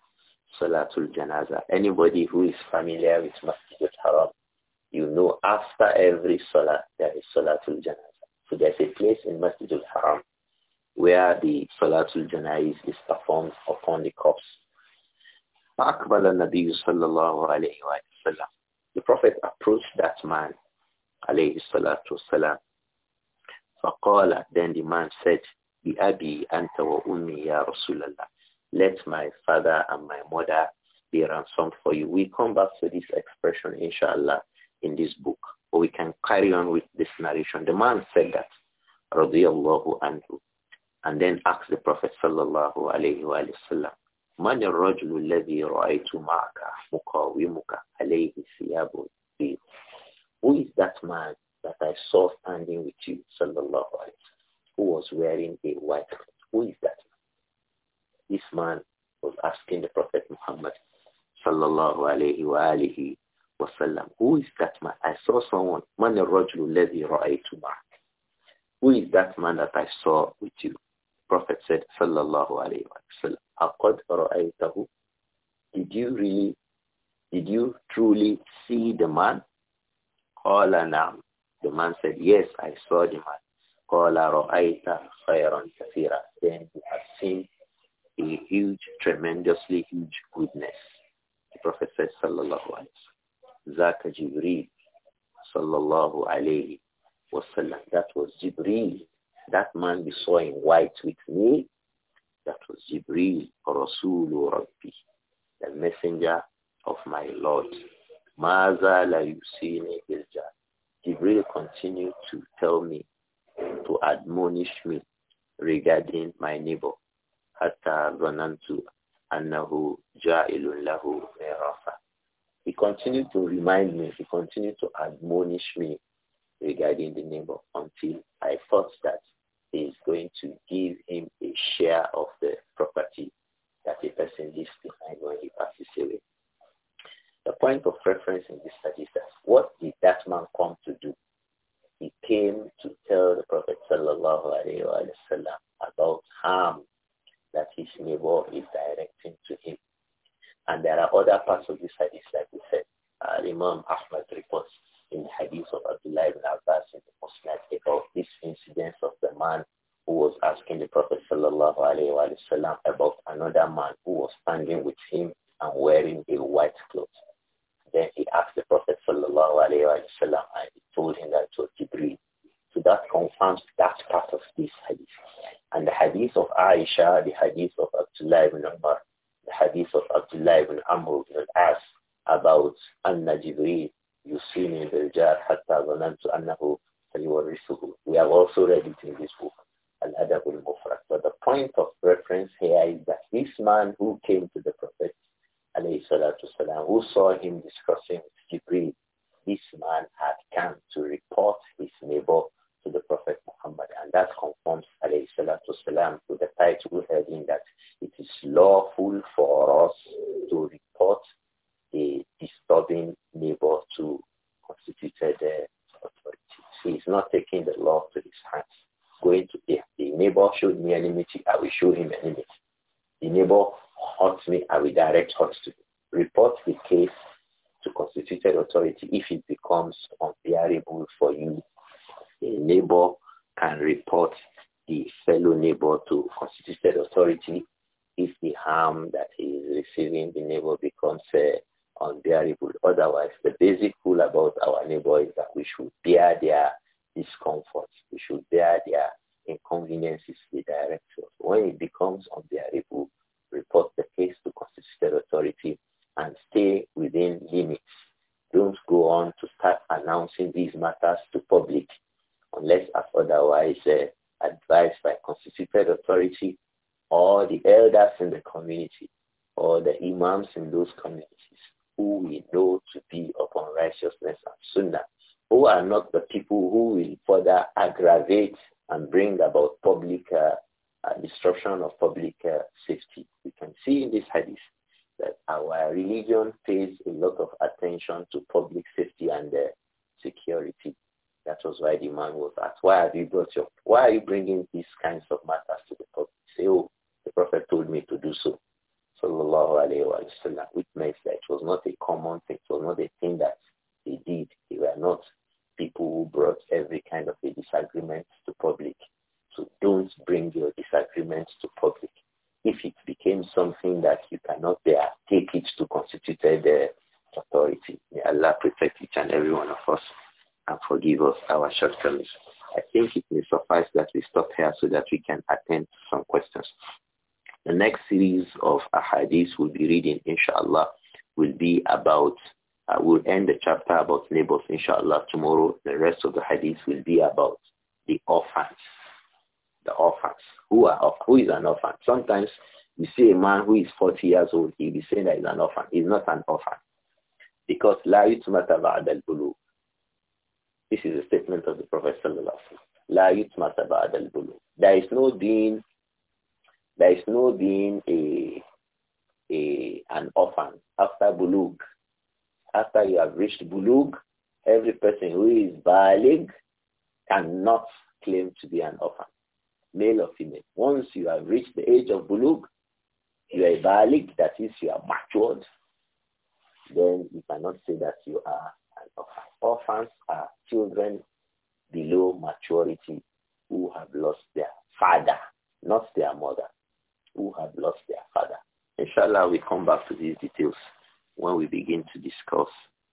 Salatul Janaza. Anybody who is familiar with Masjid al-Haram, you know after every Salah, there is Salatul Janaza. So there's a place in Masjid al-Haram where the Salatul Janaza is performed upon the corpse. فأقبل النبي صلى The Prophet approached that man عليه الصلاة فقال Then the man said بأبي أنت وأمي يا رسول الله let my father and my mother be ransomed for you. We come back to this expression, inshallah, in this book. But we can carry on with this narration. The man said that, radiallahu anhu, and then asked the Prophet sallallahu alayhi wa sallam, من الرجل الذي رأيت معك مقاومك عليه ثياب البيض Who is that man that I saw standing with you, sallallahu alayhi wa who was wearing a white coat? Who is that this man was asking the Prophet Muhammad sallallahu alayhi wa alihi wasallam, who is that man? I saw someone, man rajulu ladhi ra'aytu Who is that man that I saw with you? The Prophet said, sallallahu alayhi wa sallam, aqad Did you really, did you truly see the man? Qala na'am. The man said, yes, I saw the man. Qala ra'ayta khayran kathira. Then you have seen a huge, tremendously huge goodness. The Prophet says, sallallahu alaihi wasallam." Zaka Jibreel, sallallahu alayhi wa That was Jibreel. That man we saw in white with me, that was Jibreel, Rasul Rabbi, the messenger of my Lord. Maza la yusini bilja. Jibreel continued to tell me, to admonish me regarding my neighbor. He continued to remind me, he continued to admonish me regarding the neighbor until I thought that he is going to give him a share of the property that a person leaves behind when he passes away. The point of reference in this study is that what did that man come to do? He came to tell the Prophet Sallallahu Alaihi Wasallam about harm that his neighbor is directing to him. And there are other parts of this hadith, like we said, uh, Imam Ahmad reports in hadith of Abdullah ibn Abbas in the Musnad about this incident of the man who was asking the Prophet sallallahu about another man who was standing with him and wearing a white cloth. Then he asked the Prophet sallallahu alaihi wasallam and he told him that was Jibril. So that confirms that part of this hadith. And the hadith of Aisha, the hadith of Abdullah ibn Umar, the hadith of Abdullah ibn Amr ibn al-As about Anna Jibreel, in the jar hatta zanantu annahu fayyurisuhu. We have also read it in this book, Al-Adab al-Mufrad. But the point of reference here is that this man who came to the Prophet, alayhi salatu salam, who saw him discussing with Jibreel, this man had come to report his neighbor to the Prophet Muhammad. And that conforms alayhi to the title heading that it is lawful for us to report a disturbing neighbor to constituted uh, authority. authorities. He is not taking the law to his hands. Going to if the neighbor showed me enmity, I will show him enmity. The neighbor hurts me, I will direct hurts to him. Report the case to constituted authority if it becomes authority be about the orphans. The orphans. Who are who is an orphan? Sometimes you see a man who is 40 years old, he'll be saying that he's an orphan. He's not an orphan. Because la yutmata ba'dal bulu. This is a statement of the Prophet sallallahu La yutmata ba'dal bulu. There is no deen, there is no deen a, a, an orphan after bulug. After you have reached bulug, every person who is balig cannot claim to be an orphan, male or female. Once you have reached the age of bulug, you are a balik, that is, you are matured, then you cannot say that you are an orphan. Orphans are children below maturity who have lost their father, not their mother, who have lost their father. Inshallah, we come back to these details when we begin to discuss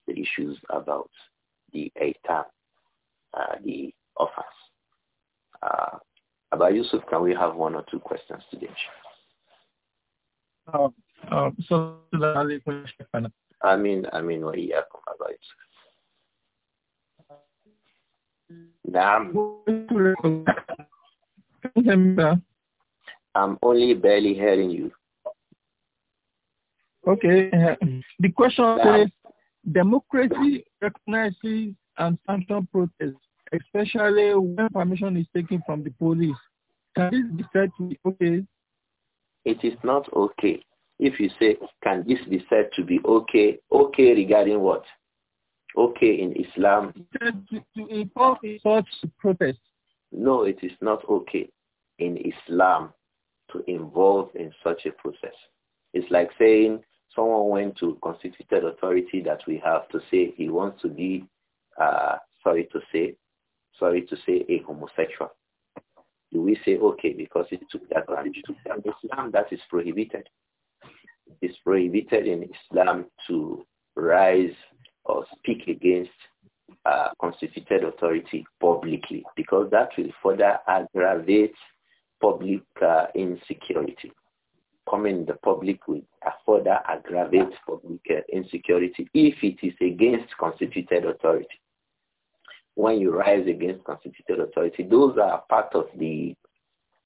the issues about the etam, uh, the offers. Uh, Abba Yusuf, can we have one or two questions today? Um, um, so, I mean, I mean, what you have Abba Yusuf. Naam. Um, I'm only barely hearing you. Okay. Uh, the question Naam. is, um, democracy recognizes and sanction process, especially when permission is taken from the police. Can this be said to be okay? It is not okay. If you say, can this be said to be okay? Okay regarding what? Okay in Islam. To, involve in such protest. No, it is not okay in Islam to involve in such a process. It's like saying someone went to constituted authority that we have to say he wants to be uh, sorry to say, sorry to say a homosexual? Do we say, okay, because it took that branch? In Islam, that is prohibited. It's prohibited in Islam to rise or speak against uh, constituted authority publicly because that will further aggravate public uh, insecurity. Coming in the public will further aggravate public uh, insecurity if it is against constituted authority when you rise against constituted authority. Those are part of the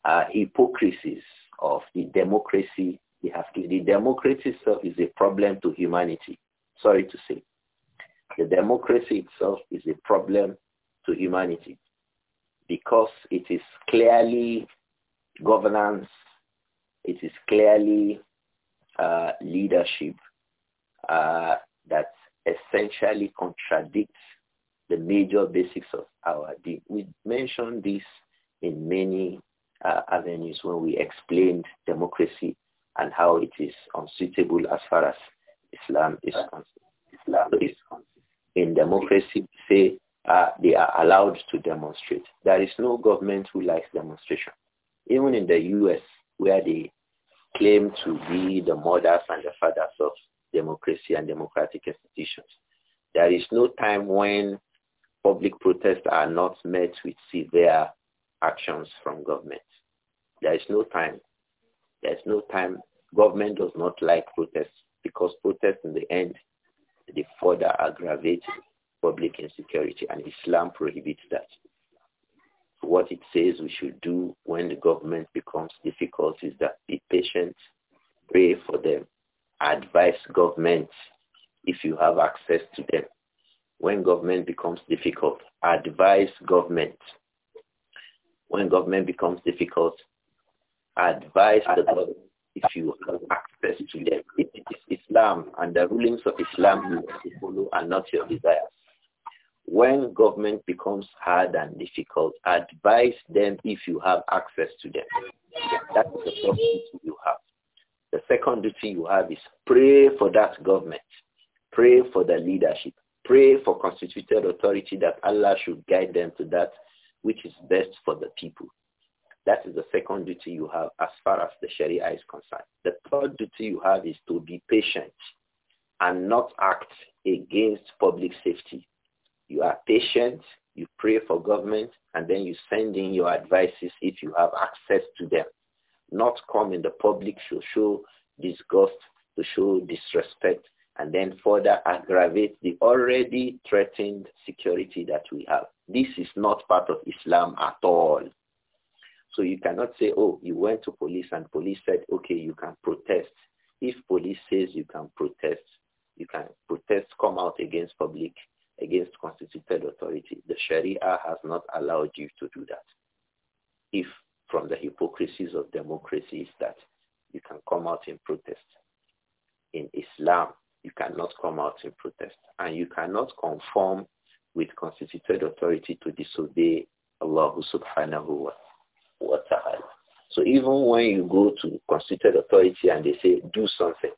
uh, hypocrisies of the democracy we have. The democracy itself is a problem to humanity, sorry to say. The democracy itself is a problem to humanity because it is clearly governance, it is clearly uh, leadership uh, that essentially contradicts the major basics of our We mentioned this in many uh, avenues when we explained democracy and how it is unsuitable as far as Islam is concerned. Islam In democracy, say uh, they are allowed to demonstrate. There is no government who likes demonstration. Even in the U.S., where they claim to be the mothers and the fathers of democracy and democratic institutions, there is no time when public protests are not met with severe actions from government. There is no time. There is no time. Government does not like protests because protests in the end, they further aggravate public insecurity and Islam prohibits that. What it says we should do when the government becomes difficult is that be patient, pray for them, advise government if you have access to them when government becomes difficult, advise government. When government becomes difficult, advise the government if you have access to them. It is Islam and the rulings of Islam you follow and not your desires. When government becomes hard and difficult, advise them if you have access to them. That is the first duty you have. The second duty you have is pray for that government. Pray for the leadership. Pray for constituted authority that Allah should guide them to that which is best for the people. That is the second duty you have as far as the Sharia is concerned. The third duty you have is to be patient and not act against public safety. You are patient, you pray for government, and then you send in your advices if you have access to them. Not come in the public to show disgust, to show disrespect, and then further aggravates the already threatened security that we have. This is not part of Islam at all. So you cannot say, oh, you went to police and police said, okay, you can protest. If police says you can protest, you can protest, come out against public, against constituted authority. The Sharia has not allowed you to do that. If from the hypocrisies of democracy is that you can come out in protest. In Islam, you cannot come out in protest. And you cannot conform with constituted authority to disobey Allah subhanahu wa ta'ala. So even when you go to constituted authority and they say do something,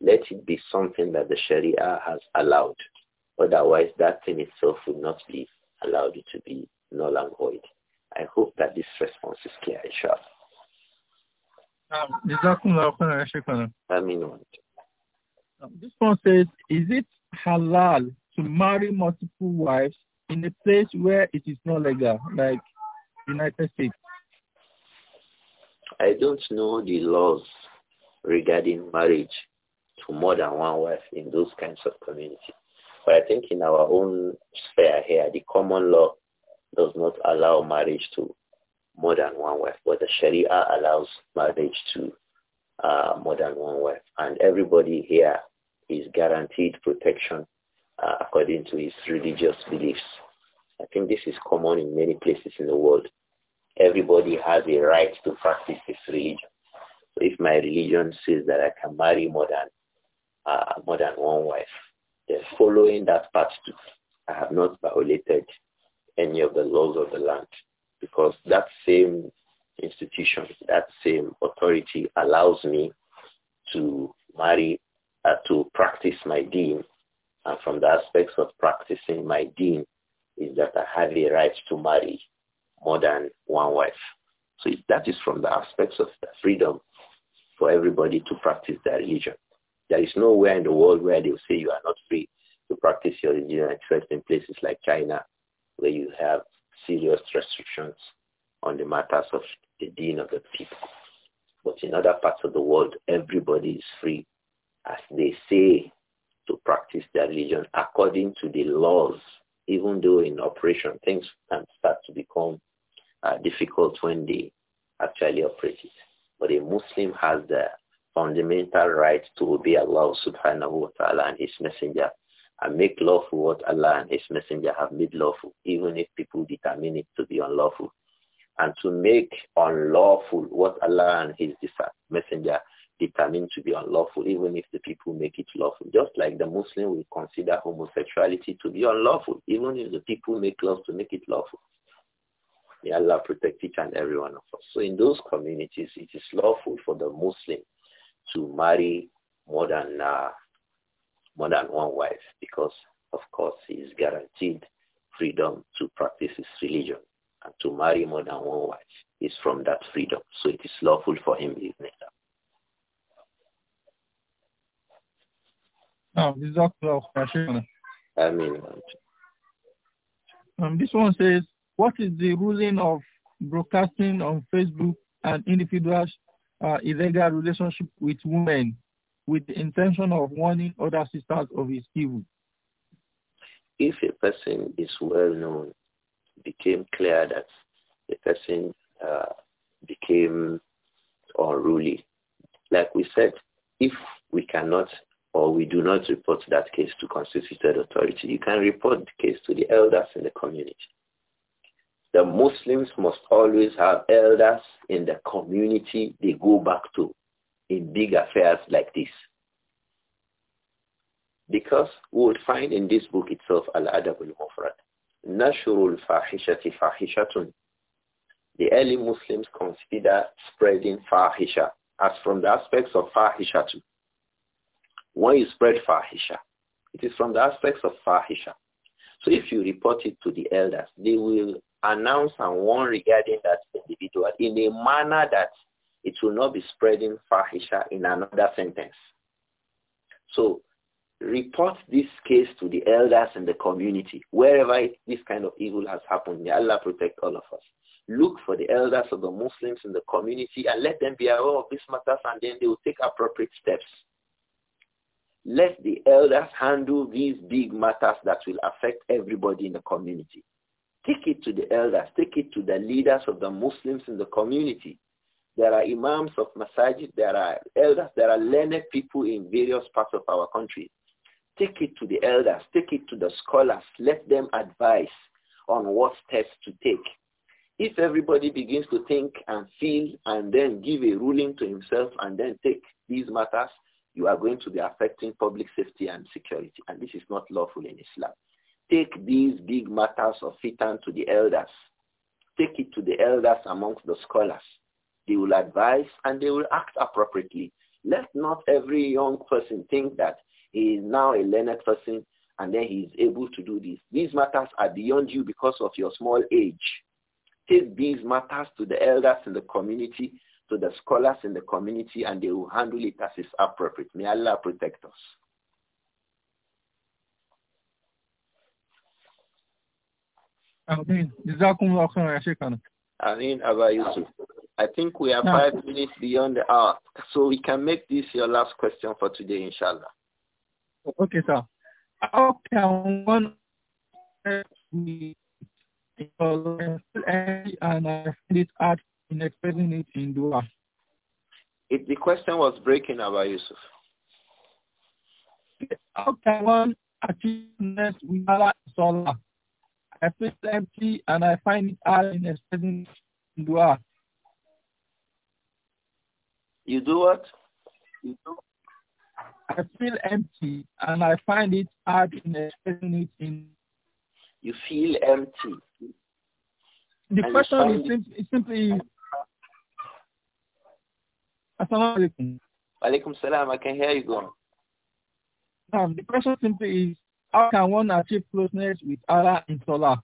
let it be something that the Sharia has allowed. Otherwise, that thing itself will not be allowed to be null and void. I hope that this response is clear, inshallah. Um, this one says, is it halal to marry multiple wives in a place where it is not legal, like United States? I don't know the laws regarding marriage to more than one wife in those kinds of communities. But I think in our own sphere here, the common law does not allow marriage to more than one wife, but the Sharia allows marriage to uh, more than one wife. And everybody here is guaranteed protection uh, according to his religious beliefs. I think this is common in many places in the world. Everybody has a right to practice his religion. So if my religion says that I can marry more than uh, more than one wife, then following that path I have not violated any of the laws of the land because that same institution, that same authority allows me to marry uh, to practice my deen. And from the aspects of practicing my deen is that I have a right to marry more than one wife. So that is from the aspects of the freedom for everybody to practice their religion. There is nowhere in the world where they will say you are not free to practice your religion, except in places like China, where you have serious restrictions on the matters of the deen of the people. But in other parts of the world, everybody is free as they say, to practice their religion according to the laws, even though in operation things can start to become uh, difficult when they actually operate it. But a Muslim has the fundamental right to obey Allah subhanahu wa ta'ala and his messenger and make lawful what Allah and his messenger have made lawful, even if people determine it to be unlawful. And to make unlawful what Allah and his messenger determined to be unlawful even if the people make it lawful. Just like the Muslim will consider homosexuality to be unlawful even if the people make laws to make it lawful. May Allah protect each and every one of us. So in those communities, it is lawful for the Muslim to marry more than, uh, more than one wife because, of course, he is guaranteed freedom to practice his religion and to marry more than one wife is from that freedom. So it is lawful for him, isn't it? Now, this is I mean, um, this one says, what is the ruling of broadcasting on Facebook and individuals uh, illegal relationship with women with the intention of warning other sisters of his evil? If a person is well known, became clear that the person uh, became unruly, like we said, if we cannot or we do not report that case to constituted authority, you can report the case to the elders in the community. The Muslims must always have elders in the community they go back to in big affairs like this. Because we would find in this book itself, Al-Adab al-Mufrad, Nashurul Fahishati Fahishatun. The early Muslims consider spreading Fahisha as from the aspects of Fahishatu when you spread fahisha, it is from the aspects of fahisha. So if you report it to the elders, they will announce and warn regarding that individual in a manner that it will not be spreading fahisha in another sentence. So report this case to the elders in the community, wherever this kind of evil has happened. May Allah protect all of us. Look for the elders of the Muslims in the community and let them be aware of these matters and then they will take appropriate steps. Let the elders handle these big matters that will affect everybody in the community. Take it to the elders. Take it to the leaders of the Muslims in the community. There are imams of masajid. There are elders. There are learned people in various parts of our country. Take it to the elders. Take it to the scholars. Let them advise on what steps to take. If everybody begins to think and feel and then give a ruling to himself and then take these matters, you are going to be affecting public safety and security. And this is not lawful in Islam. Take these big matters of fitan to the elders. Take it to the elders amongst the scholars. They will advise and they will act appropriately. Let not every young person think that he is now a learned person and then he is able to do this. These matters are beyond you because of your small age. Take these matters to the elders in the community to the scholars in the community and they will handle it as is appropriate. May Allah protect us. Ameen. I think we are five minutes beyond the hour, so we can make this your last question for today, inshallah. Okay, sir. How can one and I find it hard in expressing it in dua? If the question was breaking, about Yusuf. How can one achieve with Allah Salah? I feel empty and I find it hard in expressing in dua. You do what? You do. I feel empty and I find it hard in expressing it in. You feel empty. The and question is, sim it. simply Assalamu alaikum. Alaikum salam. I can hear you go. Um, the question simply is, how can one achieve closeness with Allah in Salah?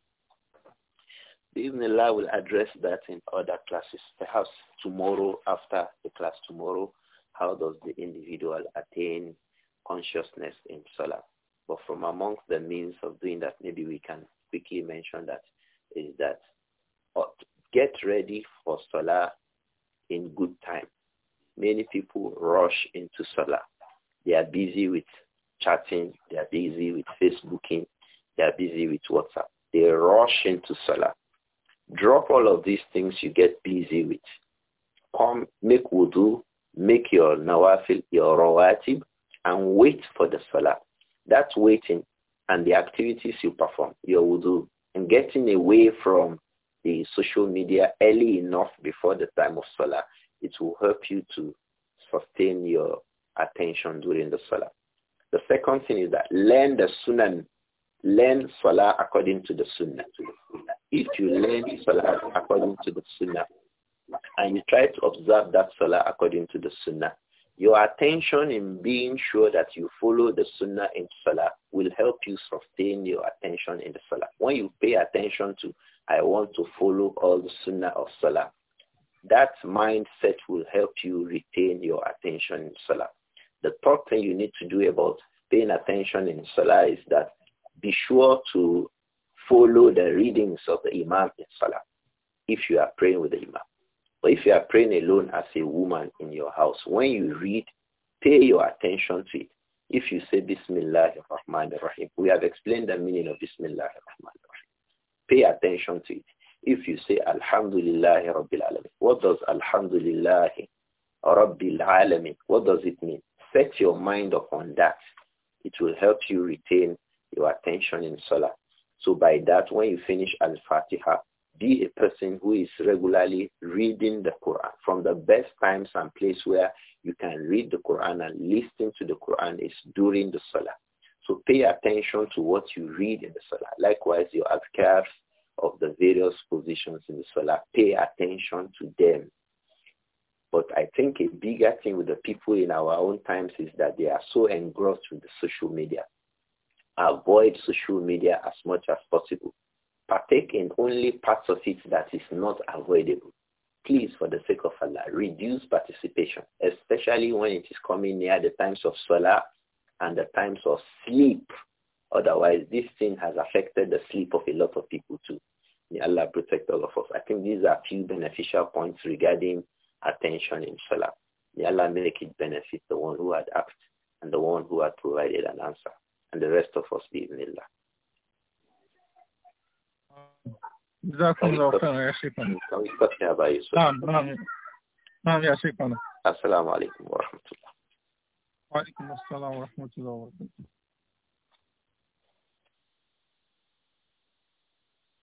Ibn Allah will address that in other classes, perhaps tomorrow after the class tomorrow. How does the individual attain consciousness in Salah? But from amongst the means of doing that, maybe we can quickly mention that is that uh, get ready for Salah in good time. Many people rush into Salah. They are busy with chatting. They are busy with Facebooking. They are busy with WhatsApp. They rush into Salah. Drop all of these things you get busy with. Come, make wudu, make your nawafil, your rawatib, and wait for the Salah. That's waiting and the activities you perform, your wudu, and getting away from the social media early enough before the time of Salah it will help you to sustain your attention during the salah. The second thing is that learn the sunnah. Learn salah according to the sunnah. If you learn salah according to the sunnah and you try to observe that salah according to the sunnah, your attention in being sure that you follow the sunnah in salah will help you sustain your attention in the salah. When you pay attention to, I want to follow all the sunnah of salah, that mindset will help you retain your attention in Salah. The third thing you need to do about paying attention in Salah is that be sure to follow the readings of the Imam in Salah if you are praying with the Imam. But if you are praying alone as a woman in your house, when you read, pay your attention to it. If you say Bismillah Rahman Rahim, we have explained the meaning of Bismillah Rahman Rahim. Pay attention to it. If you say Alhamdulillah Rabbil Alamin, what does Alhamdulillah Rabbil Alamin, what does it mean? Set your mind upon that. It will help you retain your attention in Salah. So by that, when you finish Al-Fatiha, be a person who is regularly reading the Quran from the best times and place where you can read the Quran and listen to the Quran is during the Salah. So pay attention to what you read in the Salah. Likewise, your adhkars, of the various positions in the solar. Pay attention to them. But I think a bigger thing with the people in our own times is that they are so engrossed with the social media. Avoid social media as much as possible. Partake in only parts of it that is not avoidable. Please, for the sake of Allah, reduce participation, especially when it is coming near the times of solar and the times of sleep Otherwise, this thing has affected the sleep of a lot of people too. May Allah protect all of us. I think these are few beneficial points regarding attention in Salah. May Allah make it benefit the one who had asked and the one who had provided an answer and the rest of us be in Allah. Can we stop here by Yusuf? نعم يا شيخنا السلام عليكم